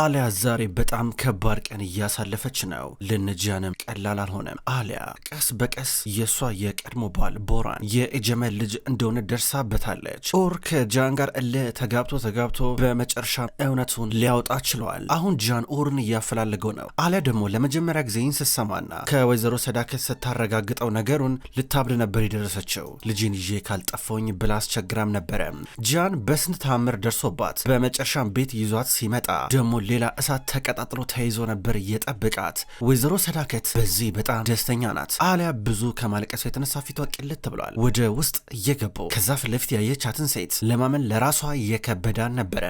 አሊያ ዛሬ በጣም ከባድ ቀን እያሳለፈች ነው። ልንጃንም ቀላል አልሆነም። አሊያ ቀስ በቀስ የእሷ የቀድሞ ባል ቦራን የኤጀመል ልጅ እንደሆነ ደርሳበታለች። ኦር ከጃን ጋር እልህ ተጋብቶ ተጋብቶ በመጨረሻ እውነቱን ሊያወጣ ችሏል። አሁን ጃን ኦርን እያፈላለገው ነው። አሊያ ደግሞ ለመጀመሪያ ጊዜ ይህን ስትሰማና ከወይዘሮ ሰዳከት ስታረጋግጠው ነገሩን ልታብድ ነበር የደረሰችው። ልጅን ይዤ ካልጠፋሁኝ ብላ አስቸግራም ነበረ። ጃን በስንት ታምር ደርሶባት በመጨረሻም ቤት ይዟት ሲመጣ ደግሞ ሌላ እሳት ተቀጣጥሎ ተይዞ ነበር የጠበቃት። ወይዘሮ ሰዳከት በዚህ በጣም ደስተኛ ናት። አሊያ ብዙ ከማልቀሱ የተነሳ ፊቷ ቅልት ብሏል። ወደ ውስጥ እየገባው ከዛ ፊት ለፊት ያየቻትን ሴት ለማመን ለራሷ እየከበዳ ነበረ።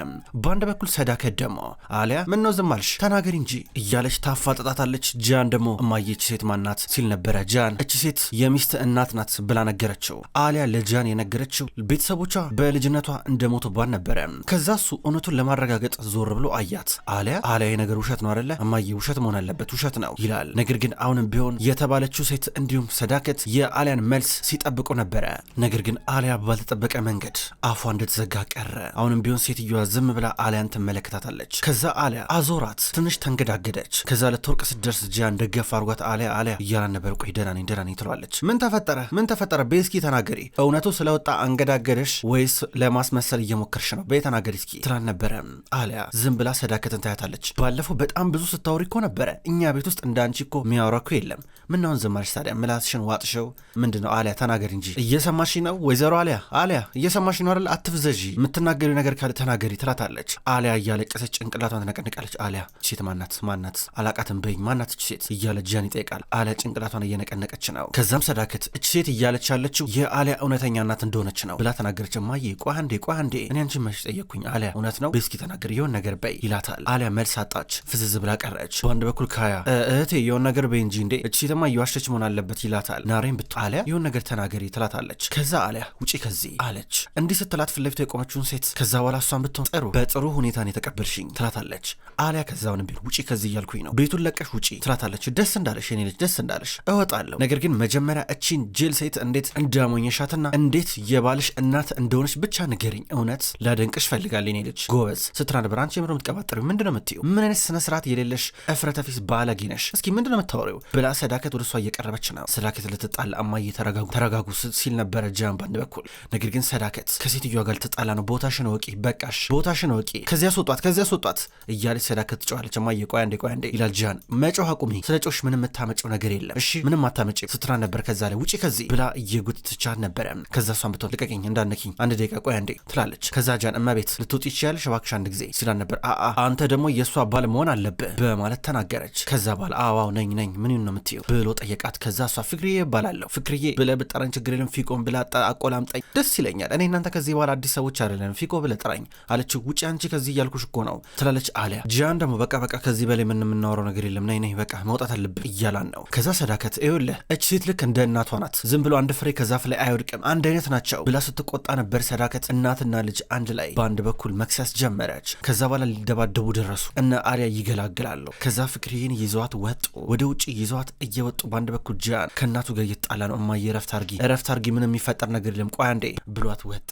በአንድ በኩል ሰዳከት ደግሞ አሊያ ምን ነው ዝም አልሽ ተናገሪ እንጂ እያለች ታፋጠጣታለች። ጃን ደግሞ እማየች ሴት ማናት ሲል ነበረ። ጃን እቺ ሴት የሚስት እናት ናት ብላ ነገረችው። አሊያ ለጃን የነገረችው ቤተሰቦቿ በልጅነቷ እንደሞቱባት ነበረ። ከዛ እሱ እውነቱን ለማረጋገጥ ዞር ብሎ አያት። አሊያ አሊያ የነገር ውሸት ነው አደለ እማዬ፣ ውሸት መሆን አለበት ውሸት ነው ይላል። ነገር ግን አሁንም ቢሆን የተባለችው ሴት እንዲሁም ሰዳከት የአሊያን መልስ ሲጠብቁ ነበረ። ነገር ግን አሊያ ባልተጠበቀ መንገድ አፏ እንደተዘጋ ቀረ። አሁንም ቢሆን ሴትዮዋ ዝም ብላ አሊያን ትመለከታታለች። ከዛ አሊያ አዞራት፣ ትንሽ ተንገዳገደች። ከዛ ለትወርቅ ስትደርስ ጂያን ደገፍ አርጓት አሊያ አሊያ እያላን ነበር። ቆይ ደህና ነኝ ደህና ነኝ ትሏለች። ምን ተፈጠረ ምን ተፈጠረ? ቤስኪ ተናገሪ፣ እውነቱ ስለወጣ አንገዳገደሽ ወይስ ለማስመሰል እየሞከርሽ ነው? ቤ እስኪ ትላል ነበረ። አሊያ ዝም ብላ ሰዳከት ታያታለች። ባለፈው በጣም ብዙ ስታወሪ እኮ ነበረ እኛ ቤት ውስጥ እንዳንቺ እኮ የሚያወራ እኮ የለም ምናውን ዝም አልሽ ታዲያ? ምላስሽን ዋጥሸው ምንድን ነው? አሊያ ተናገሪ እንጂ እየሰማሽ ነው? ወይዘሮ አሊያ አሊያ እየሰማሽ ነው አይደል? አትፍዘዥ የምትናገሪ ነገር ካለ ተናገሪ ትላታለች። አሊያ እያለቀሰች ጭንቅላቷን ተነቀንቃለች። አሊያ ሴት ማናት? ማናት? አላቃትን በኝ ማናት እች ሴት እያለ ጃን ይጠይቃል። አሊያ ጭንቅላቷን እየነቀነቀች ነው። ከዛም ሰዳክት እች ሴት እያለች ያለችው የአሊያ እውነተኛ እናት እንደሆነች ነው ብላ ተናገረች። እማዬ ቆይ አንዴ ቆይ አንዴ እኔ አንቺን መች ጠየቅኩኝ? አሊያ እውነት ነው ቤስኪ ተናገር የሆን ነገር በይ ይላታል። አሊያ መልስ አጣች፣ ፍዝዝ ብላ ቀረች። በአንድ በኩል ካያ እህቴ የሆን ነገር በይ እንጂ እንዴ እች ሴት እማማ እየዋሸች መሆን አለበት ይላታል። ናሬን ብት አሊያ ይሁን ነገር ተናገሪ ትላታለች። ከዛ አሊያ ውጪ ከዚህ አለች። እንዲህ ስትላት ፍለፊቷ የቆመችውን ሴት ከዛ በኋላ እሷን ብትሆን ጥሩ በጥሩ ሁኔታን የተቀበልሽኝ ትላታለች። አሊያ ከዛውን ቢል ውጪ ከዚህ እያልኩኝ ነው ቤቱን ለቀሽ ውጪ ትላታለች። ደስ እንዳለሽ የኔ ልጅ ደስ እንዳለሽ እወጣለሁ። ነገር ግን መጀመሪያ እቺን ጅል ሴት እንዴት እንዳሞኘሻትና እንዴት የባልሽ እናት እንደሆነች ብቻ ንገሪኝ። እውነት ላደንቅሽ ፈልጋል የኔ ልጅ ጎበዝ ስትራን ብራንች የምሮ የምትቀባጠሪ ምንድነው የምትይው? ምን አይነት ስነስርዓት የሌለሽ እፍረተፊስ ባለጌ ነሽ። እስኪ ምንድነው የምታወሪው ብላ ሰዳከ ስላኬት ወደ እሷ እየቀረበች ነው። ሰዳከት ልትጣላ እማዬ ተረጋጉ ተረጋጉ ሲል ነበረ ጃን በአንድ በኩል። ነገር ግን ሰዳከት ከሴትዮዋ ጋር ልትጣላ ነው፣ ቦታሽን ወቂ፣ በቃሽ፣ ቦታሽን ወቂ፣ ከዚያ ስወጧት፣ ከዚያ ስወጧት እያለች ሰዳከት ትጮኻለች። እማዬ ቆይ አንዴ ቆይ አንዴ ይላል ጃን። መጮህ አቁሚ፣ ስለ ጮሽ ምንም የምታመጪው ነገር የለም እሺ፣ ምንም አታመጪ ስትራ ነበር። ከዛ ላይ ውጪ ከዚህ ብላ እየጎተተቻት ነበረ። ከዛ እሷን ብትሆን ልቀቀኝ፣ እንዳነኪኝ፣ አንድ ደቂቃ ቆይ አንዴ ትላለች። ከዛ ጃን እመቤት ልትወጪ ይችያለሽ እባክሽ አንድ ጊዜ ሲላል ነበር። አአ አንተ ደግሞ የእሷ ባል መሆን አለብህ በማለት ተናገረች። ከዛ ባል አዋው ነኝ ነኝ ምን ነው የምትየው ብሎ ጠየቃት። ከዛ እሷ ፍቅርዬ እባላለሁ ፍቅርዬ ብለህ ብጠራኝ ችግር የለም ፊቆን ብላ አቆላምጠኝ ደስ ይለኛል። እኔ እናንተ ከዚህ በኋላ አዲስ ሰዎች አይደለም ፊቆ ብለህ ጥራኝ አለችው። ውጪ አንቺ ከዚህ እያልኩሽ እኮ ነው ትላለች አሊያ። ጂያን ደግሞ በቃ በቃ ከዚህ በላይ ምን የምናወራው ነገር የለም ነይ ነይ በቃ መውጣት አለብን እያላን ነው። ከዛ ሰዳከት ይኸውልህ እች ሴት ልክ እንደ እናቷ ናት፣ ዝም ብሎ አንድ ፍሬ ከዛፍ ላይ አይወድቅም አንድ አይነት ናቸው ብላ ስትቆጣ ነበር ሰዳከት። እናትና ልጅ አንድ ላይ በአንድ በኩል መክሰስ ጀመረች። ከዛ በኋላ ሊደባደቡ ደረሱ። እነ አሊያ ይገላግላሉ። ከዛ ፍቅርዬን ይዘዋት ወጡ ወደ ውጭ ይዘዋት እየ እየወጡ በአንድ በኩል ጃን ከእናቱ ጋር እየተጣላ ነው። እማዬ እረፍት አርጊ፣ ረፍት አርጊ፣ ምን የሚፈጠር ነገር የለም፣ ቆይ አንዴ ብሏት ወጣ።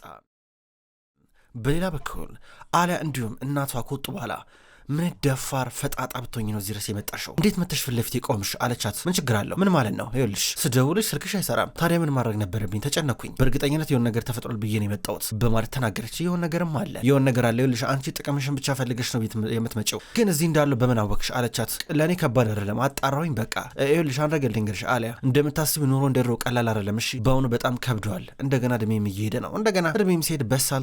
በሌላ በኩል አሊያ እንዲሁም እናቷ ከወጡ በኋላ ምን ደፋር ፈጣጣ ብትሆኝ ነው እዚህ ድረስ የመጣሽው? እንዴት መተሽ ፊት ለፊት የቆምሽ አለቻት። ምን ችግር አለው? ምን ማለት ነው? ይኸውልሽ ስደውልሽ ስልክሽ አይሰራም። ታዲያ ምን ማድረግ ነበረብኝ? ተጨነኩኝ። በእርግጠኝነት የሆነ ነገር ተፈጥሯል ብዬ ነው የመጣሁት በማለት ተናገረች። የሆን ነገርም አለ፣ የሆን ነገር አለ። ይኸውልሽ አንቺ ጥቅምሽን ብቻ ፈልገሽ ነው የምትመጪው፣ ግን እዚህ እንዳለው በምን አወቅሽ? አለቻት። ለእኔ ከባድ አይደለም፣ አጣራሁኝ። በቃ ይኸውልሽ አንድ ነገር ልንገርሽ አሊያ፣ እንደምታስቢ ኑሮ እንደ ቀላል አይደለም። እሺ በአሁኑ በጣም ከብደዋል። እንደገና እድሜም እየሄደ ነው። እንደገና እድሜም ሲሄድ በሳል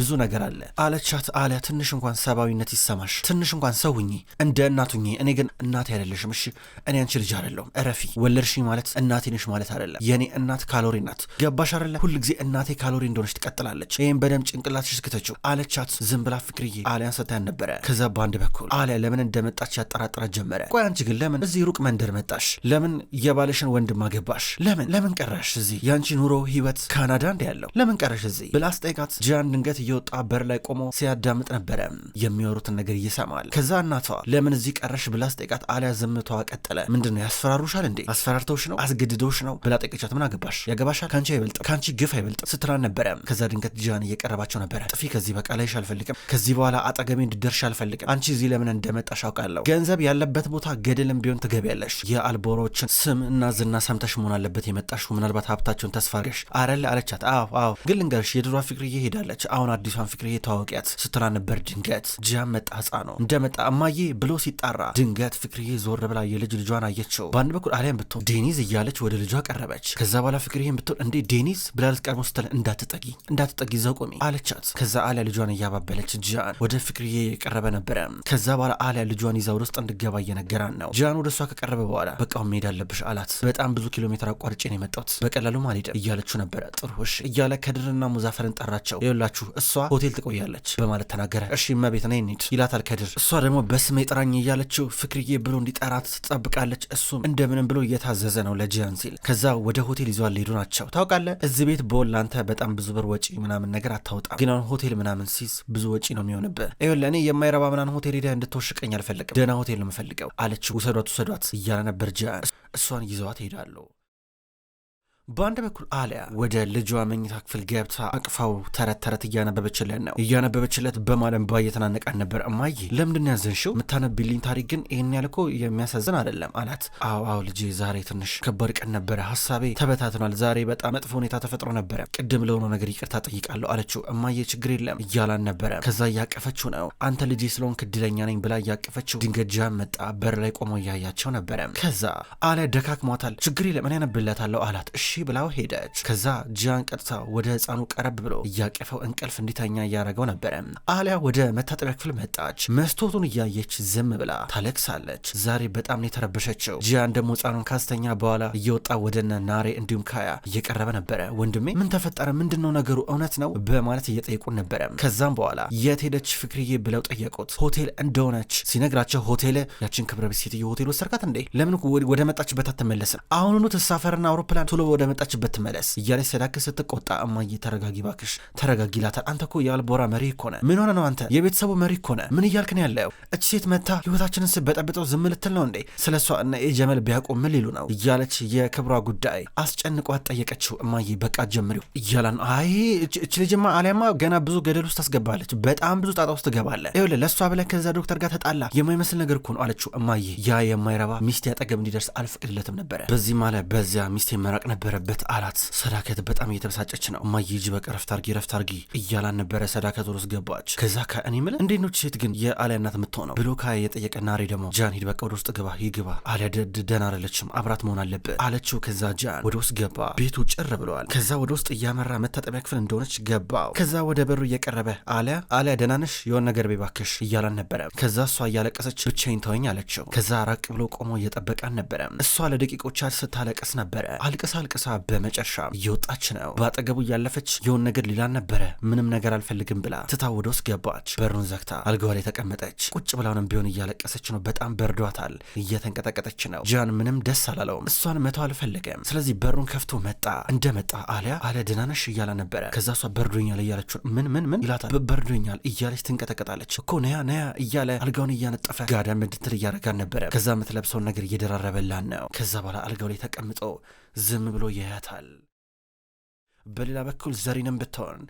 ብዙ ነገር አለ አለቻት። አሊያ፣ ትንሽ እንኳን ሰብአዊነት ይሰማሽ ትንሽ እንኳን ሰውኝ እንደ እናቱኝ። እኔ ግን እናቴ አይደለሽም። እሺ እኔ አንቺ ልጅ አይደለሁም። እረፊ። ወለድሽኝ ማለት እናቴ ነሽ ማለት አይደለም። የእኔ እናት ካሎሪ ናት። ገባሽ አይደለ? ሁልጊዜ እናቴ ካሎሪ እንደሆነች ትቀጥላለች። ይህም በደንብ ጭንቅላትሽ እስክተችው አለቻት። ዝም ብላ ፍቅርዬ አሊያን ሰታያን ነበረ። ከዛ በአንድ በኩል አሊያ ለምን እንደመጣች ያጠራጥራት ጀመረ። ቆይ አንቺ ግን ለምን እዚህ ሩቅ መንደር መጣሽ? ለምን የባለሽን ወንድም አገባሽ? ለምን ለምን ቀረሽ እዚህ? የአንቺ ኑሮ ህይወት ካናዳ እንዲ ያለው ለምን ቀረሽ እዚህ ብላ ስጠይቃት፣ ድንገት እየወጣ በር ላይ ቆሞ ሲያዳምጥ ነበረ የሚወሩትን ነገር ይሰማል። ከዛ እናቷ ለምን እዚህ ቀረሽ ብላ ስጠይቃት አሊያ ዝምቷ ቀጠለ። ምንድን ነው ያስፈራሩሻል እንዴ? አስፈራርተውሽ ነው አስገድደውሽ ነው ብላ ጠይቀቻት። ምን አገባሽ? ያገባሻል? ከአንቺ አይበልጥም፣ ከአንቺ ግፍ አይበልጥም ስትላን ነበረ። ከዛ ድንገት ጃን እየቀረባቸው ነበረ። ጥፊ ከዚህ በቃ ላይሽ አልፈልግም። ከዚህ በኋላ አጠገቤ እንድደርሽ አልፈልግም። አንቺ እዚህ ለምን እንደመጣሽ አውቃለሁ። ገንዘብ ያለበት ቦታ ገደልም ቢሆን ትገቢያለሽ። የአልቦሮችን ስም እና ዝና ሰምተሽ መሆን አለበት የመጣሽ ምናልባት ሀብታቸውን ተስፋ አድርገሽ አረል አለቻት። አዎ አዎ፣ ግን ልንገርሽ የድሯ ፍቅርዬ ሄዳለች። አሁን አዲሷን ፍቅርዬ ተዋወቂያት ስትላን ነበር። ድንገት ጃን መጣ። ህፃን ነው። እንደመጣ እማዬ ብሎ ሲጣራ ድንገት ፍቅርዬ ዞር ብላ የልጅ ልጇን አየችው። በአንድ በኩል አሊያን ብትሆን ዴኒዝ እያለች ወደ ልጇ ቀረበች። ከዛ በኋላ ፍቅርዬን ብትሆን እንዴ ዴኒዝ ብላ ልትቀርቦ ስትል እንዳትጠጊ እንዳትጠጊ እዛው ቆሚ አለቻት። ከዛ አሊያ ልጇን እያባበለች ጃን ወደ ፍቅርዬ የቀረበ ነበረ። ከዛ በኋላ አሊያ ልጇን ይዛ ወደ ውስጥ እንድገባ እየነገራን ነው። ጃን ወደ እሷ ከቀረበ በኋላ በቃው መሄድ አለብሽ አላት። በጣም ብዙ ኪሎ ሜትር አቋርጬ ነው የመጣሁት በቀላሉ አልሄድም እያለችው ነበረ። ጥሩሽ እያለ ከድርና ሙዛፈርን ጠራቸው። ይኸውላችሁ እሷ ሆቴል ትቆያለች በማለት ተናገረ። እሺ እመቤት ነይ እንሂድ ይላታል። ከድር እሷ ደግሞ በስሜ ጥራኝ እያለችው ፍክርዬ ብሎ እንዲጠራት ትጠብቃለች። እሱም እንደምንም ብሎ እየታዘዘ ነው ለጂያን ሲል ከዛ ወደ ሆቴል ይዟል ሊሄዱ ናቸው። ታውቃለህ እዚህ ቤት በወል ለአንተ በጣም ብዙ ብር ወጪ ምናምን ነገር አታውጣም፣ ግን አሁን ሆቴል ምናምን ሲዝ ብዙ ወጪ ነው የሚሆንብህ። ይኸውልህ እኔ የማይረባ ምናምን ሆቴል ሄደህ እንድትወሽቀኝ አልፈልግም፣ ደህና ሆቴል ነው የምፈልገው አለችው። ውሰዷት ውሰዷት እያለ ነበር ጂያን። እሷን ይዘዋት ይሄዳሉ። በአንድ በኩል አሊያ ወደ ልጇ መኝታ ክፍል ገብታ አቅፋው ተረት ተረት እያነበበችለት ነው። እያነበበችለት በማለም ባ እየተናነቃን ነበር። እማዬ ለምንድን ያዘንሽው? የምታነብልኝ ታሪክ ግን ይህን ያልኮ የሚያሳዝን አይደለም አላት። አዎ አዎ ልጄ፣ ዛሬ ትንሽ ከባድ ቀን ነበረ። ሀሳቤ ተበታትኗል። ዛሬ በጣም መጥፎ ሁኔታ ተፈጥሮ ነበረ። ቅድም ለሆነ ነገር ይቅርታ ጠይቃለሁ አለችው። እማዬ ችግር የለም እያላን ነበረ። ከዛ እያቀፈችው ነው። አንተ ልጄ ስለሆንክ እድለኛ ነኝ ብላ እያቀፈችው፣ ድንገት ጃን መጣ። በር ላይ ቆሞ እያያቸው ነበረ። ከዛ አሊያ ደካክሟታል። ችግር የለም እኔ ያነብላታለሁ አላት። እሺ እሺ ብላው ሄደች። ከዛ ጂያን ቀጥታ ወደ ህፃኑ ቀረብ ብሎ እያቀፈው እንቅልፍ እንዲተኛ እያደረገው ነበረ። አሊያ ወደ መታጠቢያ ክፍል መጣች። መስቶቱን እያየች ዝም ብላ ታለቅሳለች። ዛሬ በጣም ነው የተረበሸችው። ጂያን ደግሞ ህፃኑን ካስተኛ በኋላ እየወጣ ወደነ ናሬ እንዲሁም ካያ እየቀረበ ነበረ። ወንድሜ ምን ተፈጠረ? ምንድን ነው ነገሩ? እውነት ነው በማለት እየጠየቁን ነበረ። ከዛም በኋላ የት ሄደች ፍክርዬ ብለው ጠየቁት። ሆቴል እንደሆነች ሲነግራቸው ሆቴል ያችን ክብረ ቤት ሴትዮ ሆቴል ወሰድካት እንዴ? ለምን ወደ መጣችበት አትመለስም? አሁኑኑ ትሳፈርና አውሮፕላን ቶሎ ወደ ወደ መጣችበት ትመለስ እያለች ሰዳከት ስትቆጣ እማዬ ተረጋጊ ባክሽ ተረጋጊ ይላታል። አንተ እኮ የአልቦራ መሪ እኮ ነህ። ምን ሆነ ነው አንተ የቤተሰቡ መሪ እኮ ነህ። ምን እያልክን ያለው? እች ሴት መታ ህይወታችንን ስበጠብጠው ዝም ልትል ነው እንዴ? ስለ እሷ እና ኤ ጀመል ቢያውቁ ምን ሊሉ ነው? እያለች የክብሯ ጉዳይ አስጨንቋት ጠየቀችው። እማዬ በቃ ጀምሪው እያላ ነው። አይ እች ልጅማ አሊያማ ገና ብዙ ገደል ውስጥ ታስገባለች። በጣም ብዙ ጣጣ ውስጥ ትገባለ። ይኸውልህ ለእሷ ብለህ ከዛ ዶክተር ጋር ተጣላ የማይመስል ነገር እኮ ነው አለችው። እማዬ ያ የማይረባ ሚስቴ አጠገብ እንዲደርስ አልፈቅድለትም ነበረ። በዚህ ማለ በዚያ ሚስቴ መራቅ ነበር ነበረበት አላት። ሰዳከት በጣም እየተበሳጨች ነው። እማዬ ሂጂ በቃ ረፍት አርጊ ረፍት አርጊ እያላን ነበረ። ሰዳከት ወደ ውስጥ ገባች። ከዛ ከእኔ ምለ እንዴት ነው ሴት ግን የአሊያ እናት የምትሆነው ብሎ ካ የጠየቀ ናሬ ደግሞ ጃን ሂድ በቃ ወደ ውስጥ ግባ ይግባ አሊያ ደህና አይደለችም አብራት መሆን አለብህ አለችው። ከዛ ጃን ወደ ውስጥ ገባ። ቤቱ ጭር ብለዋል። ከዛ ወደ ውስጥ እያመራ መታጠቢያ ክፍል እንደሆነች ገባው። ከዛ ወደ በሩ እየቀረበ አሊያ አሊያ ደህና ነሽ የሆነ ነገር ቤባክሽ እያላን ነበረ። ከዛ እሷ እያለቀሰች ብቻዬን ተወኝ አለችው። ከዛ ራቅ ብሎ ቆሞ እየጠበቃን ነበረ። እሷ ለደቂቆች ስታለቀስ ነበረ። አልቅስ አልቅስ ተንቀሳቅሳ በመጨረሻ እየወጣች ነው። በአጠገቡ እያለፈች የሆን ነገር ሊላን ነበረ። ምንም ነገር አልፈልግም ብላ ትታ ወደ ውስጥ ገባች። በሩን ዘግታ አልጋዋ ላይ ተቀመጠች። ቁጭ ብላውንም ቢሆን እያለቀሰች ነው። በጣም በርዷታል። እየተንቀጠቀጠች ነው። ጃን ምንም ደስ አላለውም። እሷን መተው አልፈለገም። ስለዚህ በሩን ከፍቶ መጣ። እንደመጣ አሊያ አሊያ ደህና ነሽ እያላ ነበረ። ከዛ እሷ በርዶኛል እያለች ምን ምን ምን ይላታል። በርዶኛል እያለች ትንቀጠቀጣለች። እኮ ነያ ነያ እያለ አልጋውን እያነጠፈ ጋዳ ምድትል እያረጋ ነበረ። ከዛ የምትለብሰውን ነገር እየደራረበላን ነው። ከዛ በኋላ አልጋው ላይ ተቀምጦ ዝም ብሎ ያያታል። በሌላ በኩል ዘሪንም ብትሆን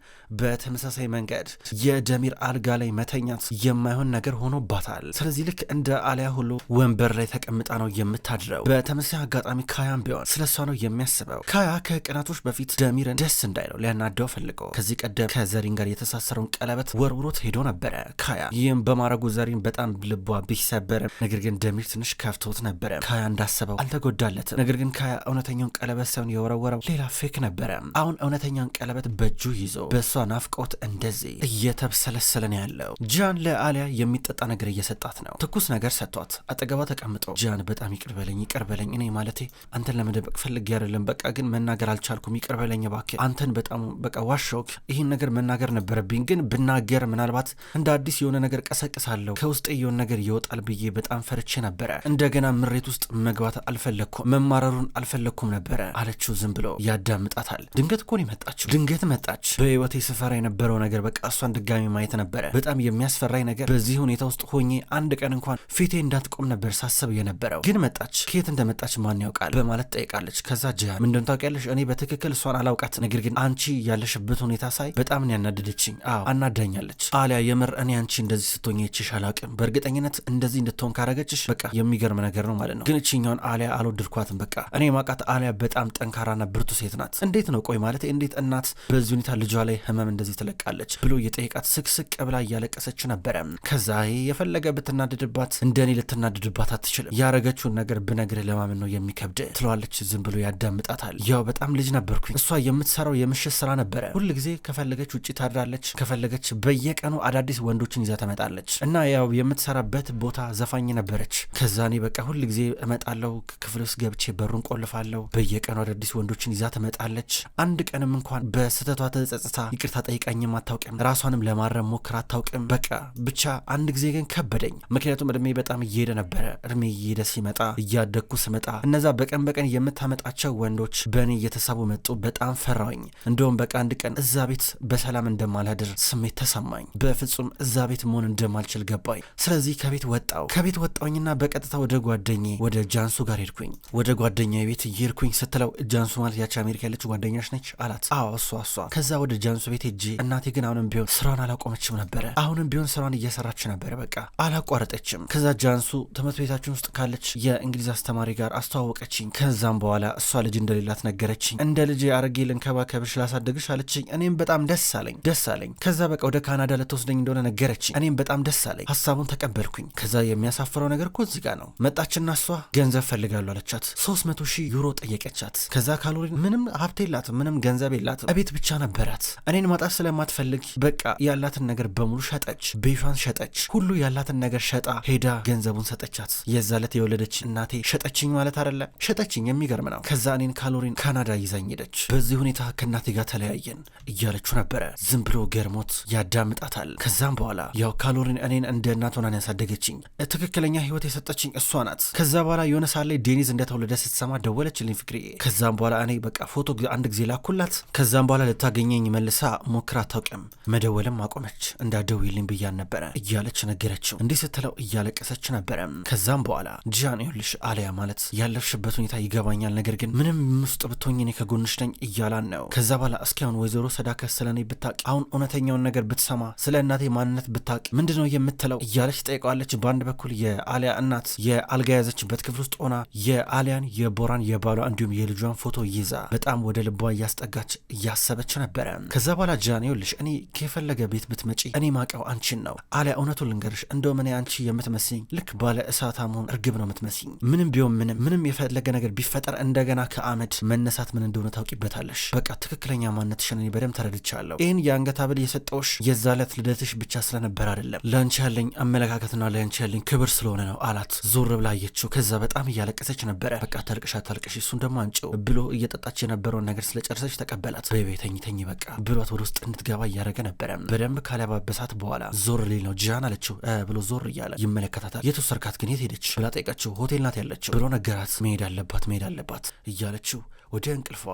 በተመሳሳይ መንገድ የደሚር አልጋ ላይ መተኛት የማይሆን ነገር ሆኖባታል። ስለዚህ ልክ እንደ አሊያ ሁሉ ወንበር ላይ ተቀምጣ ነው የምታድረው። በተመሳሳይ አጋጣሚ ካያም ቢሆን ስለሷ ነው የሚያስበው። ካያ ከቀናቶች በፊት ደሚርን ደስ እንዳይለው ሊያናደው ፈልጎ ከዚህ ቀደም ከዘሪን ጋር የተሳሰረውን ቀለበት ወርውሮት ሄዶ ነበረ ካያ። ይህም በማረጉ ዘሪን በጣም ልቧ ቢሰበርም፣ ነገር ግን ደሚር ትንሽ ከፍቶት ነበረ። ካያ እንዳሰበው አልተጎዳለትም። ነገር ግን ካያ እውነተኛውን ቀለበት ሳይሆን የወረወረው ሌላ ፌክ ነበረ አሁን እውነተኛን ቀለበት በእጁ ይዞ በእሷ ናፍቆት እንደዚህ እየተብሰለሰለን ያለው። ጃን ለአሊያ የሚጠጣ ነገር እየሰጣት ነው። ትኩስ ነገር ሰጥቷት አጠገቧ ተቀምጦ ጃን በጣም ይቅርበለኝ ይቅርበለኝ ይቅር በለኝ፣ እኔ ማለቴ አንተን ለመደበቅ ፈልጌ አይደለም፣ በቃ ግን መናገር አልቻልኩም፣ ይቅርበለኝ በለኝ እባክህ። አንተን በጣም በቃ ዋሾክ። ይህን ነገር መናገር ነበረብኝ፣ ግን ብናገር ምናልባት እንደ አዲስ የሆነ ነገር ቀሰቅሳለሁ፣ ከውስጤ የሆነ ነገር ይወጣል ብዬ በጣም ፈርቼ ነበረ። እንደገና ምሬት ውስጥ መግባት አልፈለግኩም፣ መማረሩን አልፈለግኩም ነበረ አለችው። ዝም ብሎ ያዳምጣታል። ድንገት እኮን የመጣችው ድንገት መጣች። በህይወቴ ስፈራ የነበረው ነገር በቃ እሷን ድጋሚ ማየት ነበረ። በጣም የሚያስፈራኝ ነገር በዚህ ሁኔታ ውስጥ ሆኜ አንድ ቀን እንኳን ፊቴ እንዳትቆም ነበር ሳሰብ የነበረው። ግን መጣች፣ ከየት እንደመጣች ማን ያውቃል በማለት ጠይቃለች። ከዛ ጃ ምንድን ታውቂያለሽ? እኔ በትክክል እሷን አላውቃት፣ ነገር ግን አንቺ ያለሽበት ሁኔታ ሳይ በጣም ያናደደችኝ። አዎ አናዳኛለች። አሊያ የምር እኔ አንቺ እንደዚህ ስትሆኝ ይችሽ አላውቅም። በእርግጠኝነት እንደዚህ እንድትሆን ካረገችሽ በቃ የሚገርም ነገር ነው ማለት ነው። ግን እችኛውን አሊያ አልወደድኳትም። በቃ እኔ ማውቃት አሊያ በጣም ጠንካራና ብርቱ ሴት ናት። እንዴት ነው ቆይ ማለት እናቴ እንዴት እናት በዚህ ሁኔታ ልጇ ላይ ህመም እንደዚህ ትለቃለች ብሎ የጠየቃት ስቅስቅ ብላ እያለቀሰች ነበረ። ከዛ የፈለገ ብትናድድባት እንደኔ ልትናድድባት አትችልም። ያረገችውን ነገር ብነግርህ ለማመን ነው የሚከብድ ትለዋለች። ዝም ብሎ ያዳምጣታል። ያው በጣም ልጅ ነበርኩኝ። እሷ የምትሰራው የምሽት ስራ ነበረ። ሁል ጊዜ ከፈለገች ውጭ ታድራለች፣ ከፈለገች በየቀኑ አዳዲስ ወንዶችን ይዛ ትመጣለች። እና ያው የምትሰራበት ቦታ ዘፋኝ ነበረች። ከዛ እኔ በቃ ሁል ጊዜ እመጣለው ክፍል ውስጥ ገብቼ በሩን ቆልፋለው በየቀኑ አዳዲስ ወንዶችን ይዛ ትመጣለች። አንድ ቀንም እንኳን በስህተቷ ተጸጽታ ይቅርታ ጠይቃኝም አታውቅም። ራሷንም ለማረም ሞክር አታውቅም። በቃ ብቻ አንድ ጊዜ ግን ከበደኝ። ምክንያቱም እድሜ በጣም እየሄደ ነበረ። እድሜ እየሄደ ሲመጣ እያደግኩ ስመጣ እነዛ በቀን በቀን የምታመጣቸው ወንዶች በእኔ እየተሳቡ መጡ። በጣም ፈራውኝ። እንደውም በቃ አንድ ቀን እዛ ቤት በሰላም እንደማላድር ስሜት ተሰማኝ። በፍጹም እዛ ቤት መሆን እንደማልችል ገባኝ። ስለዚህ ከቤት ወጣው ከቤት ወጣውኝና በቀጥታ ወደ ጓደኜ ወደ ጃንሱ ጋር ሄድኩኝ። ወደ ጓደኛ ቤት እየሄድኩኝ ስትለው ጃንሱ ማለት ያቺ አሜሪካ ያለች ጓደኛሽ ነች አላት። አዎ እሷ እሷ። ከዛ ወደ ጃንሱ ቤት ሄጄ እናቴ ግን አሁንም ቢሆን ስራን አላቆመችም ነበረ። አሁንም ቢሆን ስራን እየሰራች ነበረ። በቃ አላቋረጠችም። ከዛ ጃንሱ ትምህርት ቤታችን ውስጥ ካለች የእንግሊዝ አስተማሪ ጋር አስተዋወቀችኝ። ከዛም በኋላ እሷ ልጅ እንደሌላት ነገረችኝ። እንደ ልጅ አረጌ ልንከባከብሽ ላሳደግሽ አለችኝ። እኔም በጣም ደስ አለኝ ደስ አለኝ። ከዛ በቃ ወደ ካናዳ ልትወስደኝ እንደሆነ ነገረችኝ። እኔም በጣም ደስ አለኝ። ሀሳቡን ተቀበልኩኝ። ከዛ የሚያሳፍረው ነገር እኮ እዚህ ጋር ነው። መጣችና እሷ ገንዘብ ፈልጋሉ አለቻት። ሶስት መቶ ሺህ ዩሮ ጠየቀቻት። ከዛ ካሎሪ ምንም ሀብት የላትም ምንም ገ ገንዘብ የላትም፣ እቤት ብቻ ነበራት። እኔን ማጣት ስለማትፈልግ በቃ ያላትን ነገር በሙሉ ሸጠች፣ ቤቷን ሸጠች፣ ሁሉ ያላትን ነገር ሸጣ ሄዳ ገንዘቡን ሰጠቻት። የዛ ዕለት የወለደች እናቴ ሸጠችኝ ማለት አደለ፣ ሸጠችኝ። የሚገርም ነው። ከዛ እኔን ካሎሪን ካናዳ ይዛኝ ሄደች። በዚህ ሁኔታ ከእናቴ ጋር ተለያየን እያለችው ነበረ። ዝም ብሎ ገርሞት ያዳምጣታል። ከዛም በኋላ ያው ካሎሪን እኔን እንደ እናት ሆናን ያሳደገችኝ ትክክለኛ ህይወት የሰጠችኝ እሷ ናት። ከዛ በኋላ የሆነ ሳለ ዴኒዝ እንደተወለደ ስትሰማ ደወለችልኝ ፍቅሬ። ከዛም በኋላ እኔ በቃ ፎቶ አንድ ጊዜ ላኩላ አላት። ከዛም በኋላ ልታገኘኝ መልሳ ሞክራ አታውቅም። መደወልም አቆመች። እንዳትደውይልኝ ብያን ነበረ እያለች ነገረችው። እንዲህ ስትለው እያለቀሰች ነበረ። ከዛም በኋላ ጃን ይኸውልሽ አሊያ ማለት ያለፍሽበት ሁኔታ ይገባኛል፣ ነገር ግን ምንም ውስጥ ብትሆኝ እኔ ከጎንሽ ነኝ እያላን ነው። ከዛ በኋላ እስኪሁን ወይዘሮ ሰዳከት ስለኔ ብታቅ፣ አሁን እውነተኛውን ነገር ብትሰማ፣ ስለ እናቴ ማንነት ብታቅ ምንድን ነው የምትለው እያለች ጠይቀዋለች። በአንድ በኩል የአሊያ እናት የአልጋ የያዘችበት ክፍል ውስጥ ሆና የአሊያን የቦራን የባሏ እንዲሁም የልጇን ፎቶ ይዛ በጣም ወደ ልቧ እያስጠ እያስጠጋች እያሰበች ነበረ። ከዛ በኋላ ጃን ይኸውልሽ፣ እኔ ከፈለገ ቤት ብትመጪ እኔ ማውቀው አንቺን ነው። አሊያ እውነቱ ልንገርሽ፣ እንደውም እኔ አንቺ የምትመስኝ ልክ ባለ እሳታሙን እርግብ ነው የምትመስኝ። ምንም ቢሆን ምንም ምንም የፈለገ ነገር ቢፈጠር እንደገና ከአመድ መነሳት ምን እንደሆነ ታውቂበታለሽ። በቃ ትክክለኛ ማንነትሽን እኔ በደንብ ተረድቻለሁ። ይህን የአንገት ብል የሰጠውሽ የዛ ዕለት ልደትሽ ብቻ ስለነበር አይደለም፣ ለአንቺ ያለኝ አመለካከትና ለአንቺ ያለኝ ክብር ስለሆነ ነው አላት። ዞር ብላ አየችው። ከዛ በጣም እያለቀሰች ነበረ። በቃ ተልቅሻ ተልቅሽ፣ እሱን ደግሞ አንጭው ብሎ እየጠጣች የነበረውን ነገር ስለጨረሰች ልጅ ተቀበላት። በቤተኝ ተኝ በቃ ብሏት ወደ ውስጥ እንድትገባ እያደረገ ነበረ። በደንብ ካለባበሳት በኋላ ዞር ሌል ነው ጃን አለችው ብሎ ዞር እያለ ይመለከታታል። የቱ ሰርካት ግን የት ሄደች ብላ ጠይቀችው። ሆቴል ናት ያለችው ብሎ ነገራት። መሄድ አለባት መሄድ አለባት እያለችው ወደ እንቅልፏ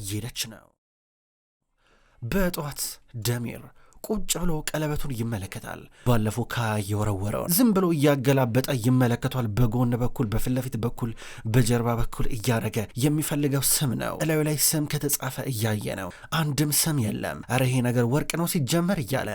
እየሄደች ነው። በጠዋት ደሚር ቁጭ ብሎ ቀለበቱን ይመለከታል። ባለፈው ካ እየወረወረው ዝም ብሎ እያገላበጠ ይመለከቷል። በጎን በኩል በፊት ለፊት በኩል በጀርባ በኩል እያደረገ የሚፈልገው ስም ነው። እላዩ ላይ ስም ከተጻፈ እያየ ነው። አንድም ስም የለም። እረ ይሄ ነገር ወርቅ ነው ሲጀመር እያለ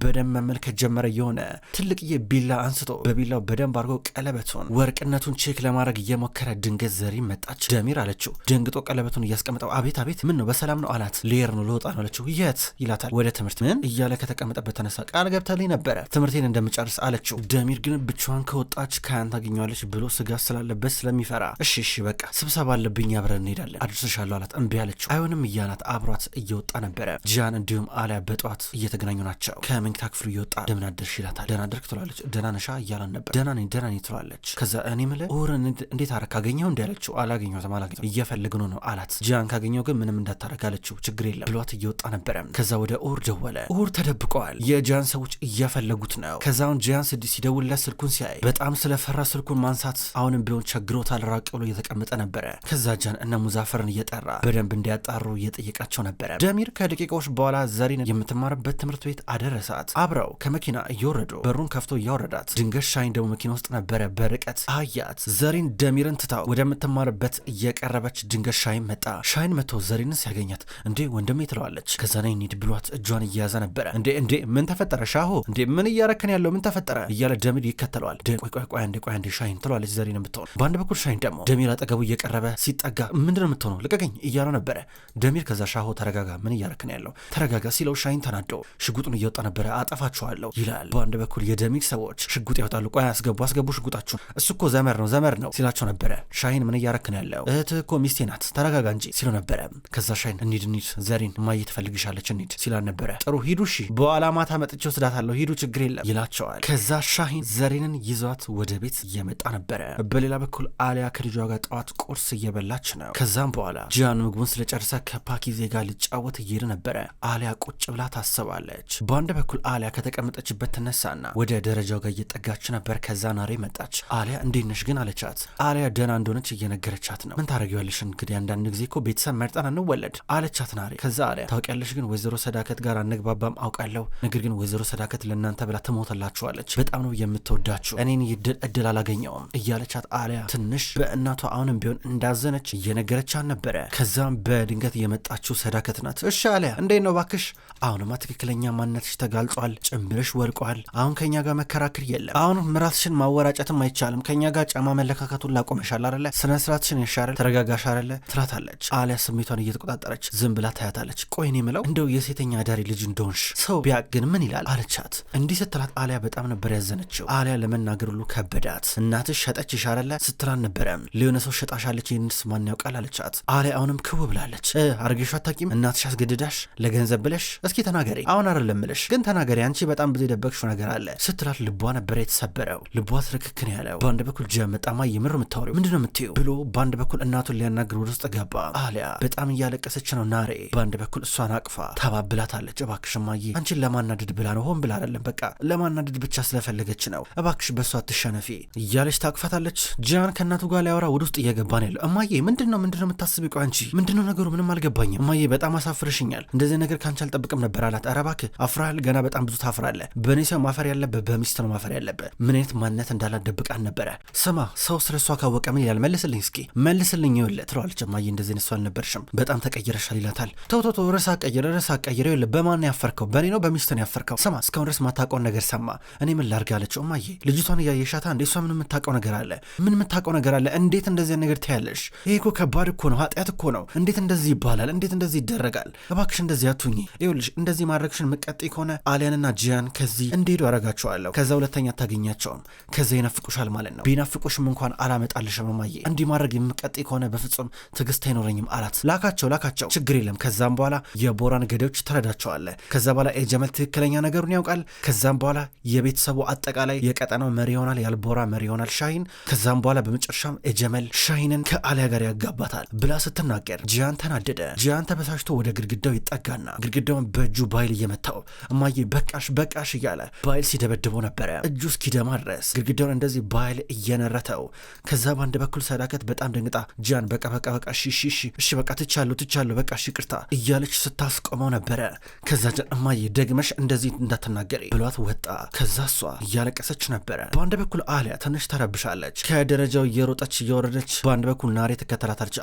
በደንብ መመልከት ጀመረ። የሆነ ትልቅዬ ቢላ አንስቶ በቢላው በደንብ አድርጎ ቀለበቱን ወርቅነቱን ቼክ ለማድረግ እየሞከረ ድንገት ዘሪን መጣች። ደሚር አለችው። ደንግጦ ቀለበቱን እያስቀምጠው አቤት አቤት፣ ምን ነው በሰላም ነው አላት። ልሄድ ነው ልወጣ ነው አለችው። የት ይላታል። ወደ ትምህርት ምን እያለ ከተቀመጠበት ተነሳ። ቃል ገብተልኝ ነበረ ትምህርቴን እንደምጨርስ አለችው። ደሚር ግን ብቻዋን ከወጣች ከያን ታገኘዋለች ብሎ ስጋት ስላለበት ስለሚፈራ እሺ እሺ በቃ ስብሰባ አለብኝ አብረን እንሄዳለን አድርሰሻለሁ አላት። እምቢ አለችው። አይሆንም እያላት አብሯት እየወጣ ነበረ። ጂያን እንዲሁም አሊያ በጠዋት እየተገናኙ ናቸው። ከመኝታ ክፍሉ እየወጣ ደህና አደርሽ ይላታል። ደህና አደርክ ትለዋለች። ደህና ነሻ እያላን ነበር። ደህና ነኝ ደህና ነኝ ትለዋለች። ከዛ እኔ ምለ እሑድን እንዴት አደረክ ካገኘው እንዲ አለችው። አላገኘኋትም አላገኘሁትም እየፈለግነው ነው አላት። ጂያን ካገኘው ግን ምንም እንዳታረግ አለችው። ችግር የለም ብሏት እየወጣ ነበረ። ከዛ ወደ ኡር ደወለ። እሑድ ተደብቀዋል። የጂያን ሰዎች እየፈለጉት ነው። ከዛውን ጂያን ስዲ ሲደውልለት ስልኩን ሲያይ በጣም ስለፈራ ስልኩን ማንሳት አሁንም ቢሆን ቸግሮታል። ራቅ ብሎ እየተቀመጠ ነበረ። ከዛ ጂያን እነ ሙዛፈርን እየጠራ በደንብ እንዲያጣሩ እየጠየቃቸው ነበረ። ደሚር ከደቂቃዎች በኋላ ዘሪን የምትማርበት ትምህርት ቤት አደረሳት። አብረው ከመኪና እየወረዱ በሩን ከፍቶ እያወረዳት ድንገት ሻይን ደግሞ መኪና ውስጥ ነበረ። በርቀት አያት። ዘሪን ደሚርን ትታው ወደምትማርበት እየቀረበች ድንገት ሻይን መጣ። ሻይን መጥቶ ዘሪንን ሲያገኛት እንዴ ወንድሜ ትለዋለች። ከዛ ናይ ብሏት እጇን እያያዘ ነበር ነበረ። እንዴ እንዴ ምን ተፈጠረ ሻሆ? እንዴ ምን እያረከን ያለው ምን ተፈጠረ? እያለ ደሚር ይከተለዋል። ቆይ ቆይ ቆይ አንዴ ቆይ አንዴ ሻሂን ትለዋለች ዘሪን የምትሆን በአንድ በኩል ሻይን ደግሞ ደሚር አጠገቡ እየቀረበ ሲጠጋ ምንድን የምትሆነው ልቀቀኝ እያለው ነበረ ደሚር። ከዛ ሻሆ ተረጋጋ፣ ምን እያረክን ያለው ተረጋጋ ሲለው ሻይን ተናደው ሽጉጡን እያወጣ ነበረ። አጠፋችኋለሁ ይላል። በአንድ በኩል የደሚር ሰዎች ሽጉጥ ያወጣሉ። ቆይ አስገቡ አስገቡ ሽጉጣችሁን፣ እሱ እኮ ዘመር ነው ዘመር ነው ሲላቸው ነበረ። ሻይን ምን እያረክን ያለው እህት እኮ ሚስቴ ናት ተረጋጋ እንጂ ሲለው ነበረ። ከዛ ሻይን እንሂድ እንሂድ ዘሪን ማየት ፈልግሻለች እኒድ ሲላል ነበረ። ጥሩ ሂዱ እሺ በኋላ ማታ መጥቼ ወስዳታለሁ ሂዱ ችግር የለም ይላቸዋል። ከዛ ሻሂን ዘሬንን ይዟት ወደ ቤት እየመጣ ነበረ። በሌላ በኩል አሊያ ከልጇ ጋር ጠዋት ቁርስ እየበላች ነው። ከዛም በኋላ ጂያን ምግቡን ስለጨርሰ ከፓኪ ዜጋ ሊጫወት እየሄደ ነበረ። አሊያ ቁጭ ብላ ታስባለች። በአንድ በኩል አሊያ ከተቀመጠችበት ትነሳና ወደ ደረጃው ጋር እየጠጋች ነበር። ከዛ ናሬ መጣች። አሊያ እንዴት ነሽ ግን አለቻት። አሊያ ደህና እንደሆነች እየነገረቻት ነው። ምን ታደርጊያለሽ እንግዲህ አንዳንድ ጊዜ እኮ ቤተሰብ መርጠን አንወለድ አለቻት ናሬ። ከዛ አሊያ ታውቂያለሽ ግን ወይዘሮ ሰዳከት ጋር አነግባባም አውቃለሁ። ነገር ግን ወይዘሮ ሰዳከት ለእናንተ ብላ ትሞተላችኋለች። በጣም ነው የምትወዳችሁ፣ እኔን እድል አላገኘውም እያለቻት አሊያ ትንሽ በእናቷ አሁንም ቢሆን እንዳዘነች እየነገረቻት ነበረ። ከዛም በድንገት የመጣችው ሰዳከት ናት። እሺ አሊያ እንዴት ነው ባክሽ? አሁንማ ትክክለኛ ማንነትሽ ተጋልጿል፣ ጭንብልሽ ወድቋል። አሁን ከእኛ ጋር መከራከር የለም። አሁን ምራትሽን ማወራጨትም አይቻልም። ከእኛ ጋር ጫማ መለካከቱን ላቆመሻል አለ ስነ ስነስርዓትሽን ያሻረል ተረጋጋሽ አለ ትላታለች። አሊያ ስሜቷን እየተቆጣጠረች ዝም ብላ ታያታለች። ቆይን የምለው እንደው የሴተኛ አዳሪ ልጅ እንደሆንሽ ሰው ቢያቅ ግን ምን ይላል አለቻት። እንዲህ ስትላት አሊያ በጣም ነበር ያዘነችው። አሊያ ለመናገር ሁሉ ከበዳት። እናትሽ ሸጠች ይሻላላ ስትላን ነበረ። ሊሆነ ሰው ሸጣሻለች፣ ይህንስ ማን ያውቃል አለቻት። አሊያ አሁንም ክቡ ብላለች። አርጌሽ አታቂም እናትሽ አስገድዳሽ ለገንዘብ ብለሽ እስኪ ተናገሪ። አሁን አረለምልሽ ግን ተናገሪ፣ አንቺ በጣም ብዙ የደበቅሽው ነገር አለ ስትላት ልቧ ነበረ የተሰበረው። ልቧ ትርክክን ያለው በአንድ በኩል ጀመጣማ የምር የምታወሪው ምንድነው የምትይው ብሎ በአንድ በኩል እናቱን ሊያናግር ወደ ውስጥ ገባ። አሊያ በጣም እያለቀሰች ነው ናሬ። በአንድ በኩል እሷን አቅፋ ተባብላታለች። እባክሽማ ሀናዬ አንቺን ለማናደድ ብላ ነው፣ ሆን ብላ አይደለም። በቃ ለማናደድ ብቻ ስለፈለገች ነው። እባክሽ በእሷ አትሸነፊ እያለች ታቅፋታለች። ጂያን ከእናቱ ጋር ሊያወራ ወደ ውስጥ እየገባ ነው ያለው። እማዬ ምንድን ነው ምንድን ነው የምታስቢው? አንቺ ምንድን ነው ነገሩ? ምንም አልገባኝም እማዬ። በጣም አሳፍርሽኛል። እንደዚህ ነገር ከአንቺ አልጠብቅም ነበር አላት። ኧረ እባክህ አፍራህል፣ ገና በጣም ብዙ ታፍራለ። በእኔ ሰው ማፈር ያለብህ በሚስት ነው ማፈር ያለብህ። ምን አይነት ማንነት እንዳላት ደብቃን ነበረ። ስማ ሰው ስለ እሷ ካወቀ ምን ይላል? መልስልኝ እስኪ መልስልኝ። ይኸውልህ ትለዋለች እማዬ፣ እንደዚህ እሷ አልነበርሽም፣ በጣም ተቀይረሻል ይላታል። ተውቶቶ ተው ተው፣ ርዕስ አትቀይር፣ ርዕስ አትቀይር። ይኸውልህ በማን ያፈርከው በእኔ ነው በሚስትን ያፈርከው። ስማ እስካሁን ድረስ ማታውቀውን ነገር ሰማ። እኔ ምን ላርግ አለችው። እማዬ ልጅቷን እያየሻታ እንዴ? እሷ ምን የምታውቀው ነገር አለ? ምን የምታውቀው ነገር አለ? እንዴት እንደዚህ ነገር ትያለሽ? ይሄ እኮ ከባድ እኮ ነው፣ ኃጢአት እኮ ነው። እንዴት እንደዚህ ይባላል? እንዴት እንደዚህ ይደረጋል? እባክሽ እንደዚህ አትሁኚ። ይኸውልሽ እንደዚህ ማድረግሽን ምቀጤ ከሆነ አሊያንና ጂያን ከዚህ እንዲሄዱ አረጋቸዋለሁ። ከዛ ሁለተኛ አታገኛቸውም። ከዛ ይነፍቁሻል ማለት ነው። ቢነፍቁሽም እንኳን አላመጣልሽም እማዬ። እንዲህ ማድረግ የምቀጤ ከሆነ በፍጹም ትዕግስት አይኖረኝም አላት። ላካቸው ላካቸው፣ ችግር የለም። ከዛም በኋላ የቦራን ገዳዮች ትረዳቸዋለ ከዛ ከዛ በኋላ ኤጀመል ትክክለኛ ነገሩን ያውቃል። ከዛም በኋላ የቤተሰቡ አጠቃላይ የቀጠናው መሪ ይሆናል፣ የአልቦራ መሪ ይሆናል ሻሂን። ከዛም በኋላ በመጨረሻም ኤጀመል ሻሂንን ከአሊያ ጋር ያጋባታል ብላ ስትናገር ጂያን ተናደደ። ጂያን ተበሳጭቶ ወደ ግድግዳው ይጠጋና ግድግዳውን በእጁ ባይል እየመታው እማዬ በቃሽ በቃሽ እያለ ባይል ሲደበድበው ነበረ እጁ እስኪደማ ድረስ ግድግዳውን እንደዚህ ባይል እየነረተው። ከዛ በአንድ በኩል ሰዳከት በጣም ደንግጣ ጂያን በቃ በቃ በቃ እሺ እሺ እሺ በቃ ትቻለሁ ትቻለሁ በቃ ይቅርታ እያለች ስታስቆመው ነበረ ከዛ እማዬ ደግመሽ እንደዚህ እንዳትናገሪ ብሏት ወጣ። ከዛ እሷ እያለቀሰች ነበረ። በአንድ በኩል አሊያ ትንሽ ተረብሻለች። ከደረጃው እየሮጠች እየወረደች፣ በአንድ በኩል ናሬ ትከተላታለች።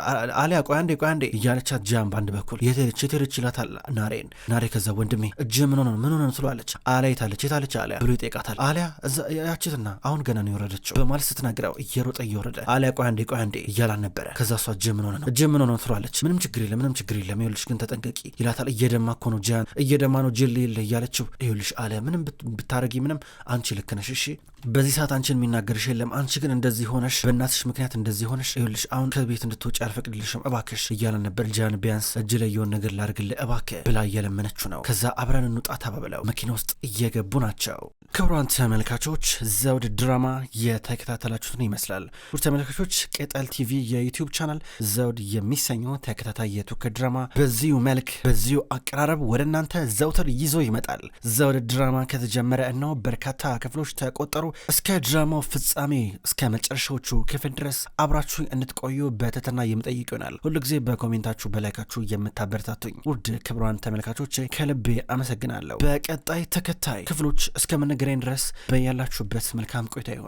አሊያ ቆይ አንዴ ቆይ አንዴ እያለቻት ጃም በአንድ በኩል የቴልች የቴልች ይላታል ናሬን። ናሬ ከዛ ወንድሜ እጅ ምን ሆነ ምን ሆነ ትሏለች። አሊያ የታለች የታለች አሊያ ብሎ ይጠይቃታል። አሊያ እዛ ያችትና አሁን ገና ነው የወረደችው በማለት ስትነግረው እየሮጠ እየወረደ አሊያ ቆይ አንዴ ቆይ አንዴ እያላን ነበረ። ከዛ እሷ እጅ ምን ሆነ ነው እጅ ምን ሆነ ትሏለች። ምንም ችግር የለም ምንም ችግር የለም ይኸውልሽ ግን ተጠንቀቂ ይላታል። እየደማ እኮ ነው ጃን እየደማ ነው ነው ጅል የለ እያለችው ይኸውልሽ አለ ምንም ብታረጊ ምንም አንቺ ልክ ነሽ እሺ በዚህ ሰዓት አንቺን የሚናገርሽ የለም። አንቺ ግን እንደዚህ ሆነሽ በእናትሽ ምክንያት እንደዚህ ሆነሽ ይኸውልሽ አሁን ከቤት እንድትወጪ አልፈቅድልሽም እባክሽ እያለን ነበር። ጃን ቢያንስ እጅ ላይ የሆን ነገር ላድርግልህ እባክህ ብላ እየለመነችው ነው። ከዛ አብረን እንውጣ ተባብለው መኪና ውስጥ እየገቡ ናቸው። ክቡራን ተመልካቾች ዘውድ ድራማ የተከታተላችሁትን ይመስላል። ውድ ተመልካቾች ቅጠል ቲቪ የዩቲዩብ ቻናል ዘውድ የሚሰኘው ተከታታይ የቱርክ ድራማ በዚሁ መልክ በዚሁ አቀራረብ ወደ እናንተ ዘውትር ይዞ ይመጣል። ዘውድ ድራማ ከተጀመረ እነው በርካታ ክፍሎች ተቆጠሩ። የነበረው። እስከ ድራማው ፍጻሜ እስከ መጨረሻዎቹ ክፍል ድረስ አብራችሁ እንድትቆዩ በትህትና የምጠይቅ ይሆናል። ሁሉ ጊዜ በኮሜንታችሁ በላይካችሁ የምታበረታቱኝ ውድ ክብሯን ተመልካቾች ከልቤ አመሰግናለሁ። በቀጣይ ተከታይ ክፍሎች እስከምንገናኝ ድረስ በያላችሁበት መልካም ቆይታ ይሆን።